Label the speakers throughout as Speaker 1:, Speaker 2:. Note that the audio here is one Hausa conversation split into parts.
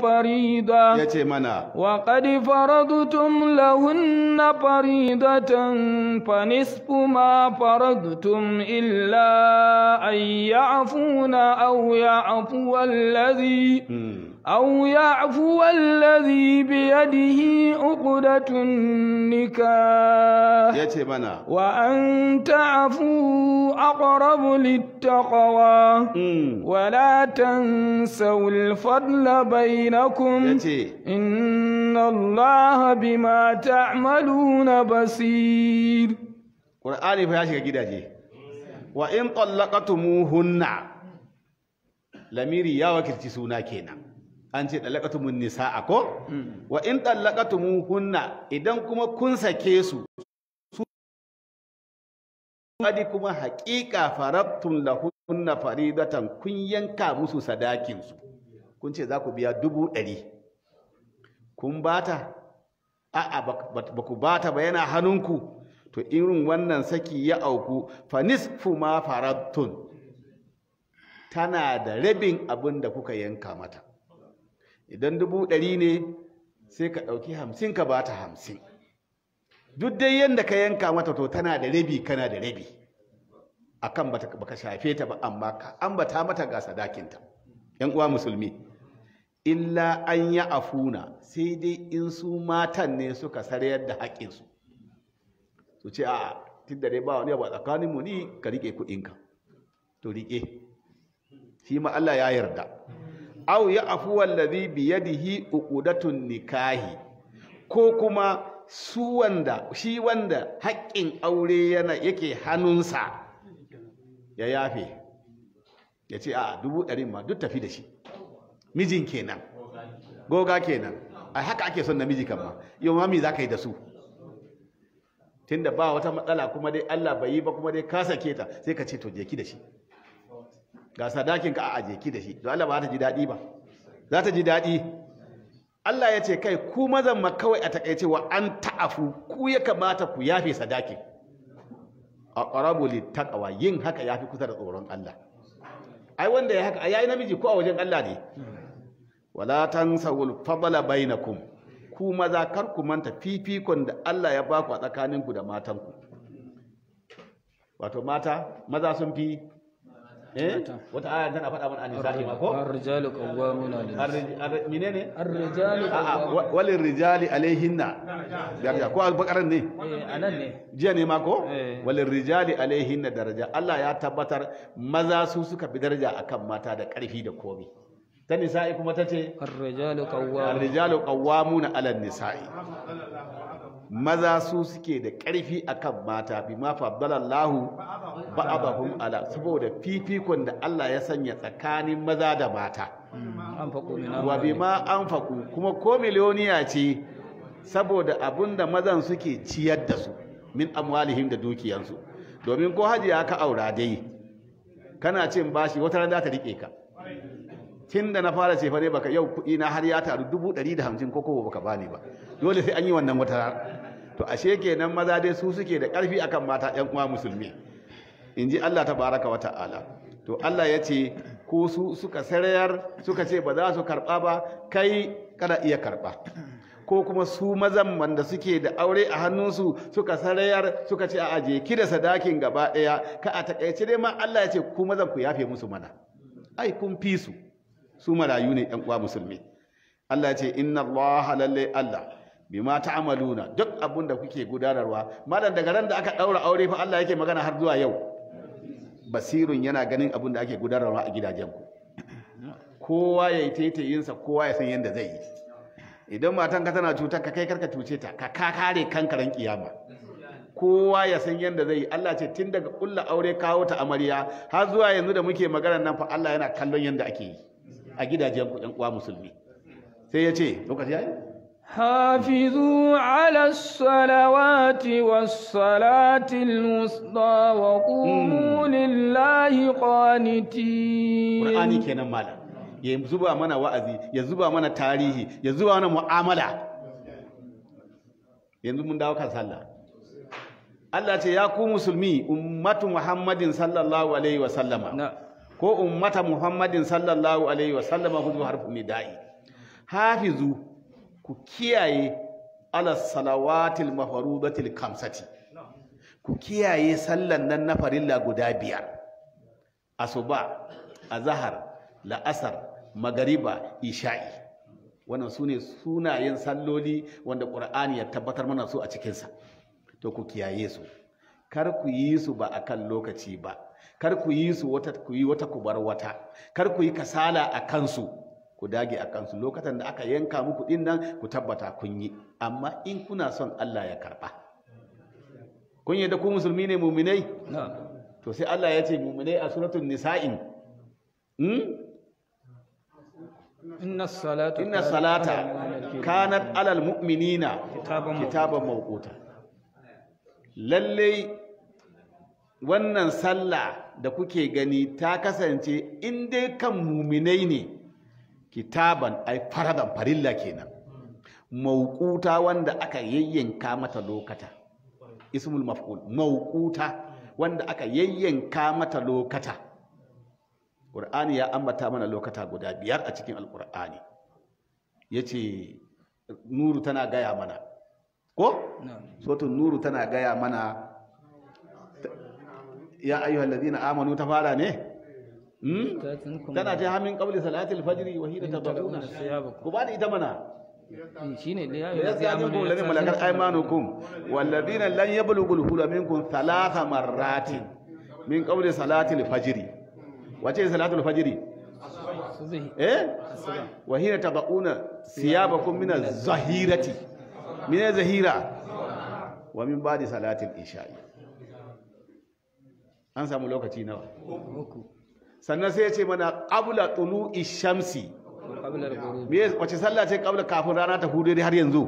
Speaker 1: فريضة وقد فرضتم لهن فريضة فنصف ما فرضتم إلا أن يعفون أو يعفو الذي أو يعفو الذي بيده عقدة النكاح وأن تعفو أقرب للتقوى ولا تنسوا الفضل بينكم إن الله بما تعملون بصير قرآن فيها gidaje wa in
Speaker 2: طلقتموهن lamiri ya wakilci suna kenan an ce nisa nisaa ko mm. wa in hunna idan kuma kun sake su Wadi kuma haƙiƙa farabtun lahunna faridatan kun yanka musu sadakinsu. Kun ce za ku biya dubu ɗari. Kun bata? A'a ba ku bata ba yana hannunku. To irin wannan saki ya auku fanis nisfu ma faraftun Tana da rabin abin da kuka yanka mata. idan dubu ɗari ne sai ka ɗauki hamsin ka ba ta hamsin duk dai yadda ka yanka mata to tana da rabi kana da rabi A kan ba ka shafe ta ba amma ka ambata mata ga sadakinta yan uwa musulmi illa an ya afuna sai dai in su matan ne suka sarayar da haƙinsu su ce a tun da dai ba wani ba tsakaninmu ni ka riƙe kuɗinka to riƙe shi ma Allah ya yarda Au ya afu wallazi bi yadihi uqudatun nikahi ko kuma su wanda shi wanda haƙƙin aure yana yake hannunsa ya yafe ya ce a dubu ɗari ma duk tafi da shi mijin kenan goga kenan a haka ake son namiji ma. yau mami za ka yi da su Tun da ba wata matsala kuma dai Allah bai yi ba kuma dai kasa keta sai ka ce to jeki da shi ga sadakin ka a jeki da shi to Allah ba ta ji daɗi ba za ta ji daɗi Allah ya ce kai ku mazan ma kawai a takaice wa an ta'afu ku ya kamata ku yafe sadakin a ƙarabu littakawa yin haka ya fi kusa da tsoron Allah ai wanda ya haka yayi namiji ko a wajen Allah ne wala tan sawul fadala bainakum ku maza kar ku manta fifikon da Allah ya baku a tsakaninku da matanku wato mata maza sun fi Eh? wata aya tana faɗa mana annisa'i ma ko ar-rijalu qawwamuna lin-nisa menene ar-rijalu wal rijali alaihinna daraja ko al-baqaran ne
Speaker 1: eh, anan ne
Speaker 2: jiya ne ma ko eh. wal rijali alaihinna daraja Allah ya tabbatar maza su suka bi daraja akan mata da ƙarfi da komai ta nisa'i kuma tace ar-rijalu qawwamuna ar-rijalu qawwamuna ala nisa'i maza su suke da ƙarfi akan mata bi ma ba
Speaker 1: ba'abahum
Speaker 2: ala saboda fifikon da Allah ya sanya tsakanin maza da mata wa bi ma anfaqu kuma ko miliyoniya ce saboda da mazan suke ciyar da su min amwalihim da dukiyansu domin ko hajiya ka aura dai kana cin bashi wata ran ta rike ka tun da na fara cefane baka yau kuɗi na har ya taru dubu ɗari da hamsin ko kowa baka bani ba dole sai an yi wannan wata to ashe kenan maza dai su suke da karfi akan mata yan uwa musulmi in ji Allah tabaraka wa ta'ala to Allah ya ce ko su suka sarayar suka ce ba za su karɓa ba kai kada iya karɓa ko kuma su mazan wanda suke da aure a hannunsu suka sarayar suka ce a aje ki da sadakin gaba ɗaya ka a takaice dai ma Allah ya ce ku mazan ku yafe musu mana ai kun fi su su marayu ne yan uwa musulmi Allah ya ce inna Allah lalle Allah bima amaluna duk abun da kuke gudanarwa malam daga ran da aka daura aure fa Allah yake magana har zuwa yau basirun yana ganin abun da ake gudanarwa a gidajen ku kowa yayi taitayin sa kowa ya san yanda zai yi idan matan ka tana cutar ka kai karka cuce ta ka kare kanka ran kiyama kowa ya san yanda zai yi Allah ce tun daga kulla aure kawo ta amarya har zuwa yanzu da muke magana nan fa Allah yana kallon yanda ake yi a gidajen ku ɗan uwa musulmi sai ya ce lokaci yayi
Speaker 1: حافظوا على الصلوات والصلاة الوسطى وقوموا لله قانتين قرآني
Speaker 2: كنا مالا يزبا منا وعزي يزبا منا تاريخي يزبا منا معاملة yanzu mun dawo kan sallah Allah ce ya ku musulmi ummatu Muhammadin sallallahu alaihi wa sallama ko ummata Muhammadin sallallahu alaihi wa sallama hudu harfu nida'i hafizu ku kiyaye ala salawatil mafarudatil kamsati ku kiyaye sallan nan na farilla guda biyar asuba azhar la'asar magariba isha'i wannan ne sunayen salloli wanda ƙur'ani ya tabbatar mana su a cikinsa to ku kiyaye su kar ku yi su ba akan lokaci ba kar ku yi su wata ku wata ku bar wata kar ku yi kasala a kansu ku dage a kansu lokacin da aka yanka muku din nan ku tabbata kun yi amma in kuna son Allah ya karba kun yi da ku musulmi ne muminai to sai Allah ya ce muminai a suratul nisa'in hmm?
Speaker 1: inna salata kanat
Speaker 2: alal mu'minina kitaban mawquta lalle wannan sallah da kuke gani ta kasance in dai kan muminai ne kitaban ai faradan farilla kenan mawquta wanda aka yayyanka mata lokata ismul maf'ul mawquta wanda aka yayyanka mata lokata Qur'ani ya ambata mana lokata guda biyar a cikin alqur'ani yace nuru tana gaya mana ko sotun nuru tana gaya mana ya ayyuhallazina amanu ta fara ne Hmm? tana ce hamin qabli salatil fajri wa hina tabaquna ku ba da ita mana eh, shine da ya yazamu lani malakar aymanukum walladina lan yablughul hula minkum thalatha marratin min qabli salatil fajri wace salatul fajri eh wa hina tabaquna siyabakum min az-zahirati min az-zahira wa min ba'di salatil isha'i an samu lokaci nawa uku sannan sai ya ce mana qabla tulu'i shamsi me wace sallah ce qabla kafin rana ta hudu har yanzu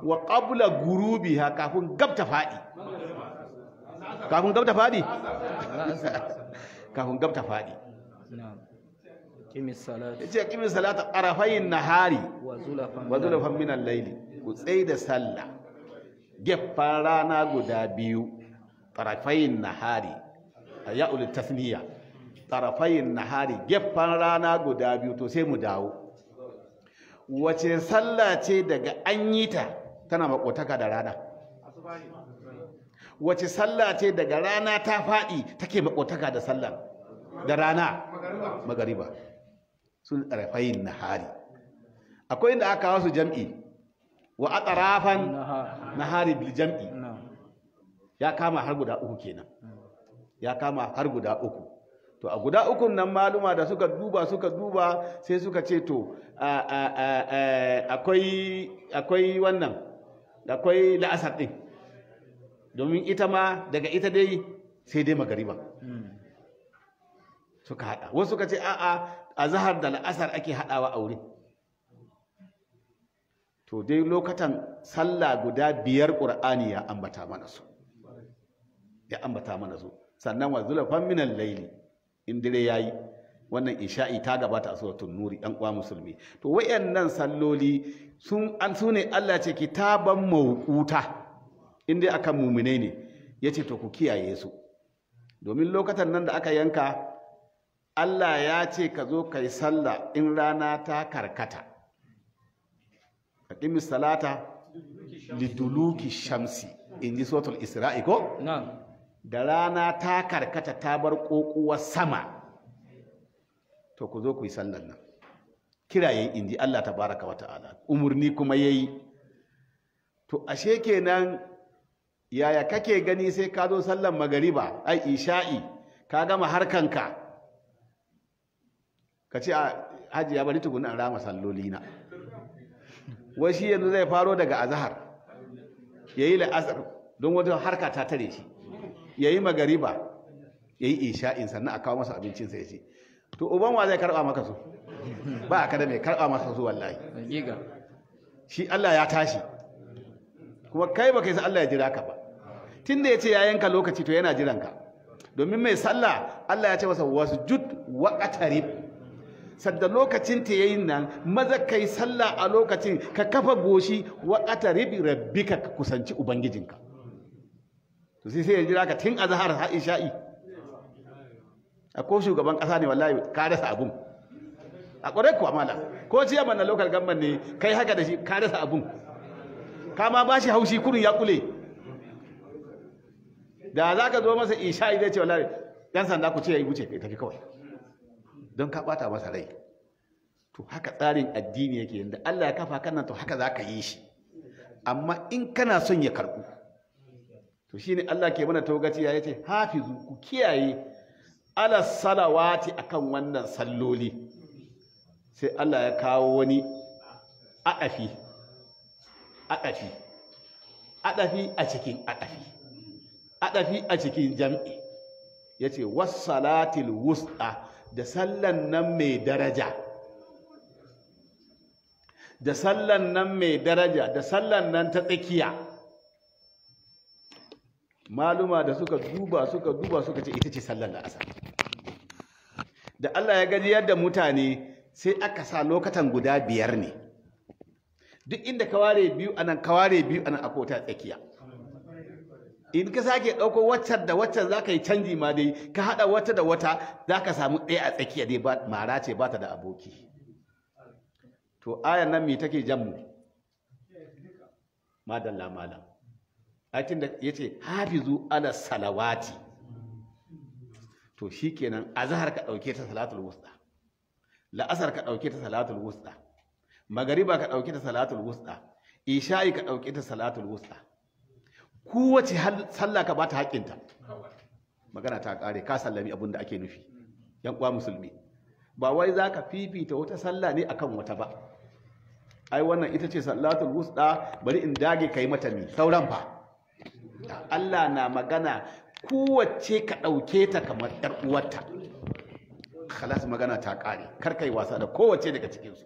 Speaker 2: wa qabla ha kafin gab ta fadi kafin gab ta fadi kafin gab ta fadi yace kimin salata qarafayn nahari wa zulafan min al-layli ku tsai da sallah gefan rana guda biyu qarafayn nahari ya ulil tasniya tarafayin nahari gefen rana guda biyu to sai mu dawo wace sallah ce daga an yi ta tana makotaka da rana wace sallah ce daga rana ta faɗi take makotaka da sallah da rana magariba sun tarafayin nahari akwai inda aka wasu jam'i wa na nahari bil jam'i ya kama har guda uku kenan ya kama har guda uku to a guda ukun nan maluma da suka duba suka duba sai suka ce to akwai wannan akwai la'asar ɗin domin ita ma daga ita dai sai dai magariba suka haɗa wasu suka ce a'a a zahar da la'asar ake haɗawa a wurin to dai lokatan sallah guda biyar ƙur'ani ya ambata mana su ya ambata mana su sannan wa zulafan minan laili in ya yi wannan isha'i ta gabata a suratun nuri ɗan uwa musulmi to wayannan salloli sun an sune Allah ce kitaban mawquta in dai akan mumine ne ya ce to ku kiyaye su domin lokacin nan da aka yanka Allah ya ce ka zo kai sallah in rana ta karkata aqimis salata liduluki shamsi in ji sotul isra'i ko da rana ta karkata ta bar ƙoƙuwar sama to ku zo ku yi sallan nan yayi inji Allah ta baraka wa ta'ala umarni kuma yayi to ashe kenan yaya kake gani sai ka zo sallan magariba ai isha'i ka gama harkanka ka ce a hajiya bari tukunan an rama sallolina wai shi yanzu zai faro daga azahar ya yi la'azar don wata harka ta tare shi ya yi magariba ya yi isha'in sannan a kawo masa abincin sai ce to uban wa zai karɓa maka su ba a kada mai karɓa masa su wallahi shi Allah ya tashi kuma kai ba kai sa Allah ya jira ka ba tun da ya ce ya yanka lokaci to yana jiran ka domin mai sallah Allah ya ce masa wasu jud wa sadda lokacin ta yayin nan maza kai sallah a lokacin ka kafa goshi wa qatarib rabbika ka kusanci ubangijinka to sai ya jira ka tun azhar har isha'i a ko shugaban kasa ne wallahi ka rasa abun a ƙwarai kuwa amala ko ciya ban na local government ne kai haka da shi ka rasa abun ka ma ba shi haushi kurin ya kule da za ka zo masa isha'i zai ce wallahi yan sanda ku ce ya yi wuce kai tafi kawai don ka bata masa rai to haka tsarin addini yake yanda Allah ya kafa kan to haka za ka yi shi amma in kana son ya karɓu to shine Allah ke mana taugaci ya yace hafizu ku kiyaye ala salawati akan wannan salloli sai Allah ya kawo wani fi. adafi adafi a cikin adafi adafi a cikin jam'i yace was-salatil wusta da sallan nan mai daraja da sallan nan mai daraja da sallan nan ta tsakiya maluma da suka duba suka duba suka ce ita ce sallar la'asar da Allah ya gani yadda mutane sai aka sa lokatan guda biyar ne duk inda ka biyu anan ka ware biyu anan a kota tsakiya in ka sake ɗauko waccan da waccan za ka yi canji ma dai ka haɗa wata da wata za ka samu ɗaya a tsakiya dai mara ce ba ta da aboki to ayan nan me take jan mu madalla malam ayatun da ya ce hafizu ala salawati to shi kenan azahar ka ɗauke ta salatul wusta la'asar ka ɗauke ta salatul wusta magariba ka ɗauke ta salatul wusta isha'i ka ɗauke ta salatul wusta kowace sallah ka bata haƙinta magana ta ƙare ka sallami abin da ake nufi yan uwa musulmi ba wai za ka fifita wata sallah ne akan wata ba ai wannan ita ce salatul wusta bari in dage ka yi mata ni sauran fa Allah na magana kowace ka ɗauke ta kamar ‘yar uwarta khalas magana ta ƙare kar wasa da kowace daga cikinsu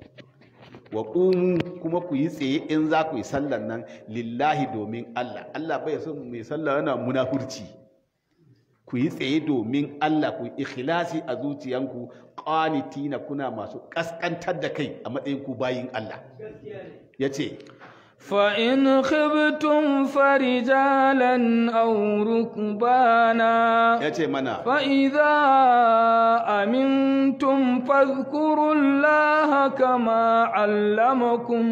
Speaker 2: wa ƙumu kuma ku yi tsaye in za ku yi sallar nan lillahi domin Allah Allah bai so mai sallar yana munafurci ku yi tsaye domin Allah ku ikhlasi a zuciyanku tina kuna masu ƙasƙantar da kai a matsayin ku bayin Allah yace
Speaker 1: فإن خبتم فرجالا أو ركبانا فإذا أمنتم فاذكروا الله كما علمكم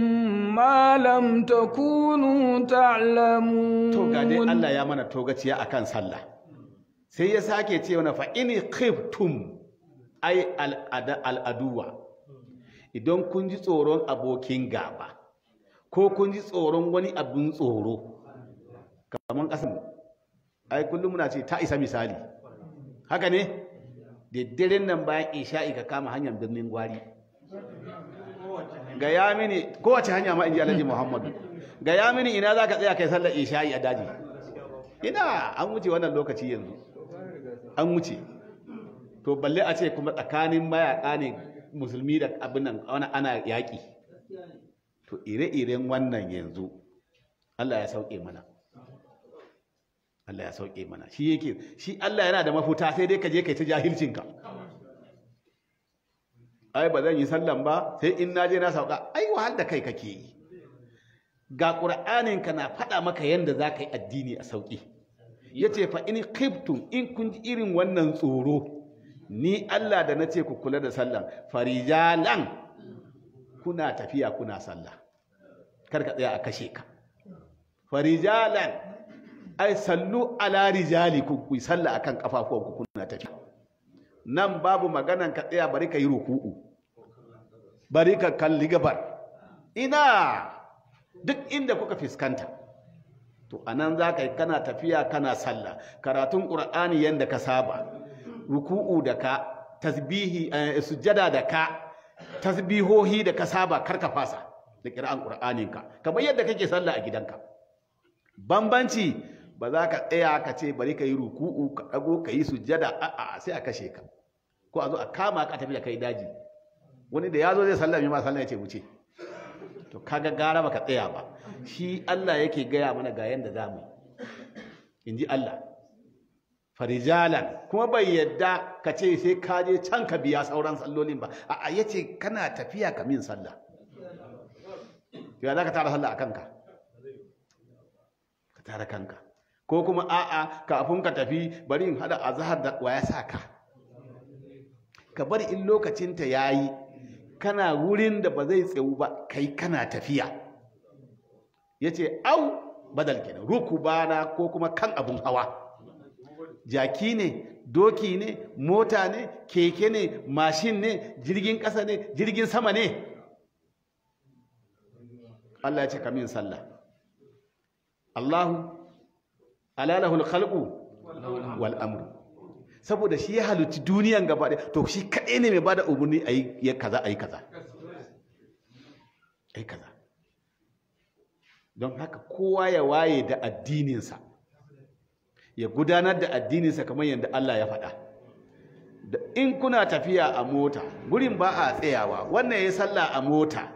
Speaker 1: ما لم تكونوا تعلمون
Speaker 2: توقع دي الله يا منا توقع أكان صلى سيساكي تيونا فإن خبتم أي الأدوة إذن كنت تورون أبوكين غابا ko kun ji tsoron wani abin tsoro kamar ƙasar ai kullum muna ce ta isa misali haka ne da daren nan bayan isha'i ka kama hanyar birnin gwari ga ya mini kowace hanya ma in ji alhaji muhammadu ga ya mini ina za ka tsaya kai sallar isha'i a daji ina an wuce wannan lokaci yanzu an wuce to balle a ce kuma tsakanin mayaƙa ne musulmi da abin nan ana yaƙi to ire-iren wannan yanzu Allah ya sauke mana Allah ya sauke mana shi yake shi Allah yana da mafuta sai dai ka je kai ta jahilcinka ai ba zan yi sallan ba sai in na je na sauka ai wahal da kai kake yi ga qur'anin ka na faɗa maka yanda za ka yi addini a sauki yace fa in khiftum in kun ji irin wannan tsoro ni Allah da nace ku kula da sallan farijalan kuna tafiya kuna sallah kar ka tsaya a kashe ka farijalan ai sallu ala rijali ku ku sallah akan kafafuwan ku kuna tafiya nan babu maganan ka tsaya bari ka yi ruku'u bari ka kalli gabar ina duk inda kuka fiskanta to anan za ka yi kana tafiya kana sallah karatun ƙur'ani yadda ka saba ruku'u da ka tasbihi eh, sujjada da ka tasbihohi da ka saba karka fasa da kira'an ƙur'aninka kamar yadda kake sallah a gidanka bambanci ba za ka tsaya ka ce bari ka yi ruku'u ka ɗago ka yi sujjada a'a sai a kashe ka ko a zo a kama ka tafi da kai daji wani da ya zo zai sallami ma sallah ya ce wuce to kaga gara ba ka tsaya ba shi Allah yake gaya mana ga yanda za mu in ji Allah farijalan kuma bai yadda ka ce sai ka je can ka biya sauran sallolin ba a'a ce, kana tafiya ka min sallah ya za ka tara sallah a kanka ka tara kanka ko kuma a'a kafin ka tafi bari in hada azhar da waya sa ka ka bari in lokacin ta yayi kana wurin da ba zai tsewu ba kai kana tafiya yace au badal kenan rukubana ko kuma kan abun hawa jaki ne doki ne mota ne keke ne mashin ne jirgin ƙasa ne jirgin sama ne Allah ya ce kamin sallah Allahu alalahul khalqu wal amru saboda shi ya halutti duniyan gaba ɗaya to shi kaɗai ne mai bada umarni a yi kaza a yi kaza a yi kaza don haka kowa ya waye da addininsa ya gudanar da addininsa kamar yadda Allah ya faɗa in kuna tafiya a mota gurin ba a tsayawa wannan ya sallah a mota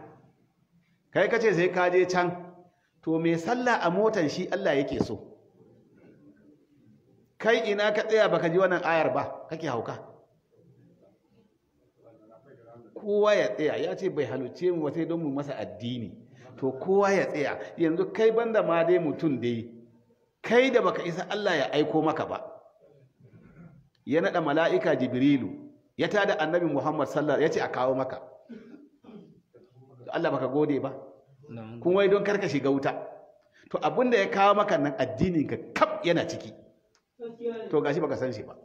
Speaker 2: kai kace sai ka je can to mai sallah a motan shi Allah yake so kai ina ka tsaya baka ji wannan ayar ba kake hauka kowa ya tsaya ya ce bai halucce mu sai don mu masa addini to kowa ya tsaya yanzu kai banda ma dai mutum dai kai da baka isa Allah ya aiko maka ba ya nada mala'ika jibrilu ya tada annabi Muhammad sallallahu ya ce a kawo maka Allah baka gode ba kun wai don karka shiga wuta to abinda ya kawo maka nan addinin ka kaf yana ciki to gashi baka san shi ba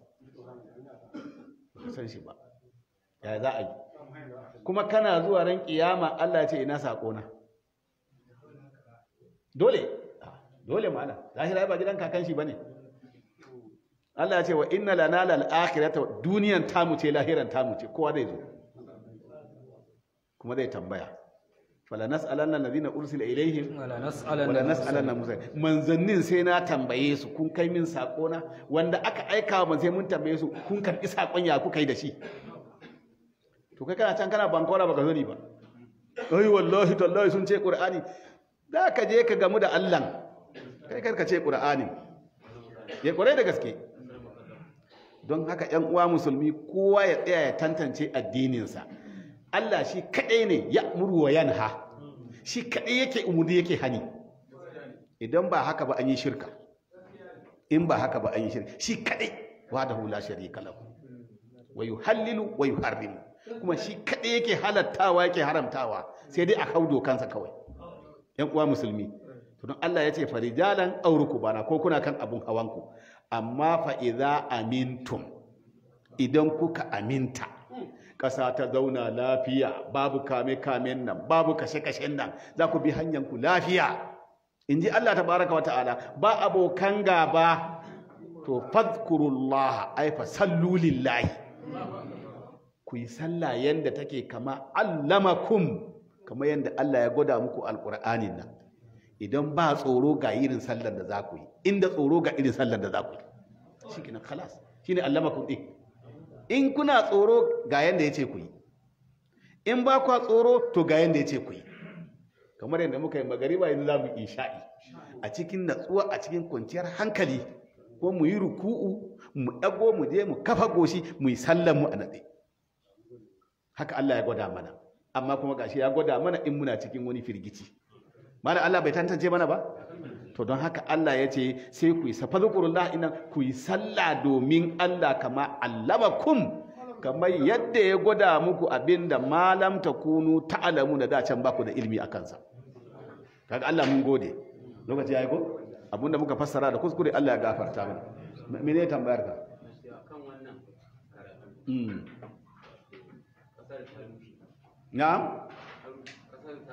Speaker 2: san shi ba ya za a yi kuma kana zuwa ran kiyama Allah ya ce ina sakona dole dole mala zahira ba gidan kakan shi ne? Allah ya ce wa inna lana lal akhirata duniyan tamu ce lahiran tamu ce kowa zai zo kuma zai tambaya fala nas'alanna alladhina ursila ilayhim wala nas'alanna musa manzannin sai na tambaye su kun kai min sako na wanda aka aika wa sai mun tambaye su kun karbi sakon ya kuka yi da shi to kai kana can kana bankora baka zo ni ba ai wallahi tallahi sun ce qur'ani da ka je ka gamu da Allah kai karka ce ƙura'anin ya eh, ƙwarai da gaske don haka ‘yan uwa musulmi kowa ya tsaya ya tantance addininsa Allah shi kaɗai ne ya murwa ha shi kaɗai yake umudi yake hani idan ba haka ba an yi shirka in ba haka ba an yi shirka shi kaɗai wa da hula kala lahu wayu hallilu wayu yuharrimu kuma shi kaɗai yake halattawa yake haramtawa sai dai a hau dokansa kawai ‘yan uwa musulmi tunan Allah ya ce farijalan auruku bana ko kuna kan abun hawanku amma Fa'iza amintu, amintum idan kuka aminta ƙasa ta zauna lafiya babu kame kamen nan babu kashe kashen nan za ku bi hanyar ku lafiya in ji Allah baraka wa ta'ala ba abokan gaba to fadkurullah aifa fa sallu ku yi sallah yadda take kama kum, kama yadda Allah ya gwada muku alqur'anin nan idan ba tsoro ga irin sallar da za ku yi inda tsoro ga irin sallar da za ku yi shi kenan khalas ne allama kuɗi in kuna tsoro ga yadda ya ce ku yi in ba kwa tsoro to ga yadda ya ce ku yi kamar yadda muka yi magariba yanzu za mu isha'i a cikin natsuwa a cikin kwanciyar hankali ko mu yi ruku'u mu ɗago mu je mu kafa goshi mu yi sallar mu a natsi haka Allah ya gwada mana amma kuma gashi ya gwada mana in muna cikin wani firgici mana Allah bai tantance mana ba to don haka Allah ya ce sai ku yi safazukurullah ku yi sallah domin Allah kama allamakum kamar yadda ya gwada muku da malam ta kunu da da can baku da ilmi a kansa kaga Allah mun gode lokaci yi ko abinda muka fassara da kuskure Allah ya gafarta mana mene tambayar ka kan hmm.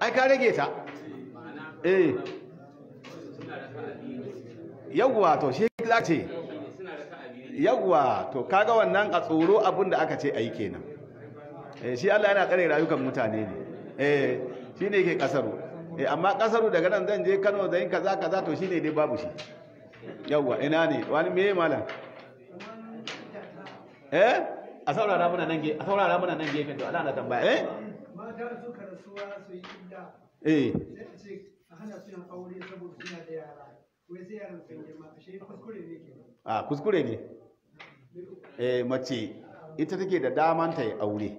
Speaker 2: ai ka rage ta eh yawwa to shi za ce yawwa to kaga wannan a tsoro abinda da aka ce a yi kenan eh, shi Allah yana kare rayukan mutane ne eh shi ne ke kasaru eh amma kasaru daga nan zan je Kano zan kaza kaza to shi ne dai babu shi yawwa ina ne wani meye malam eh a saurara muna nan ge a saurara muna nan ge to Allah na tambaya eh
Speaker 1: mata suka rasuwa su
Speaker 2: yi a hana aure saboda suna da yara wai sai yaran sun girma kuskure ne ke a kuskure ne eh mace ita take da daman ta yi aure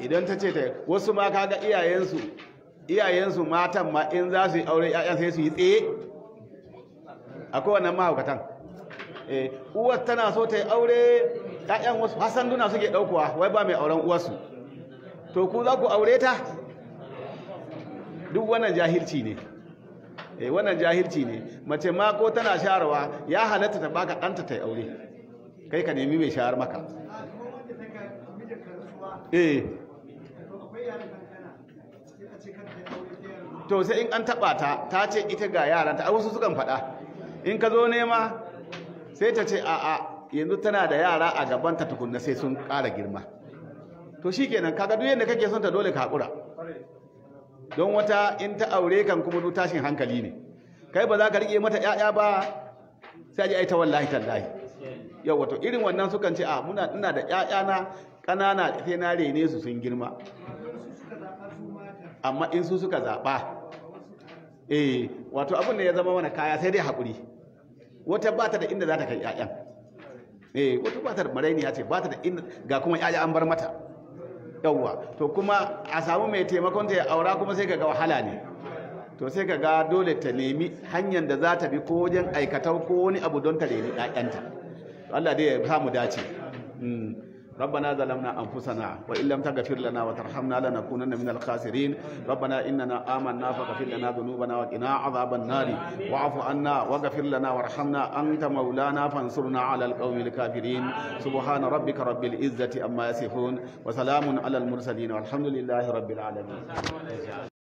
Speaker 2: idan ta ce ta wasu ma kaga iyayensu iyayensu matan ma in za su yi aure 'ya'yan sai su yi tsaye a kowane mahaukatan eh uwar tana so ta yi aure ya'yan wasu duna suke ɗaukowa wai ba mai auren uwarsu to ku za ku aure ta duk wannan jahilci ne eh wannan jahilci ne mace ma ko tana sharawa ya halatta ta baka danta ta aure kai ka nemi mai shahar maka eh to sai in an taba ta ta ce ita ga yaranta a wasu sukan fada in ka zo nema sai ta ce a'a yanzu tana da yara a gabanta tukunna sai sun ƙara girma to shikenan kaga duk yadda kake son ta dole ka hakura don wata in ta aure kan kuma duk tashin hankali ne kai ba za ka rike mata ƴaƴa ba sai ji ai ta wallahi tallahi yawa to irin wannan sukan ce a muna ina da ƴaƴa na ƙanana sai na rene su sun girma amma in su suka zaɓa eh wato abin da ya zama mana kaya sai dai haƙuri wata ba ta da inda za ta kai ƴaƴan eh wata ba ta da maraini ya ce ba ta da inda ga kuma ƴaƴa an bar mata yawwa to kuma a samu mai taimakon ta ya aura kuma sai kaga wahala ne to sai ga dole ta nemi hanyar da za ta bi ko wajen aikatau ko wani abu don ta nemi ɗayanta Allah dai ya samu dace hmm. ربنا ظلمنا أنفسنا وإن لم تغفر لنا وترحمنا لنكونن من الخاسرين ربنا إننا آمنا فاغفر لنا ذنوبنا وقنا عذاب النار واعف عنا واغفر لنا وارحمنا أنت مولانا فانصرنا على القوم الكافرين سبحان ربك رب العزة أما يصفون وسلام على المرسلين والحمد لله رب العالمين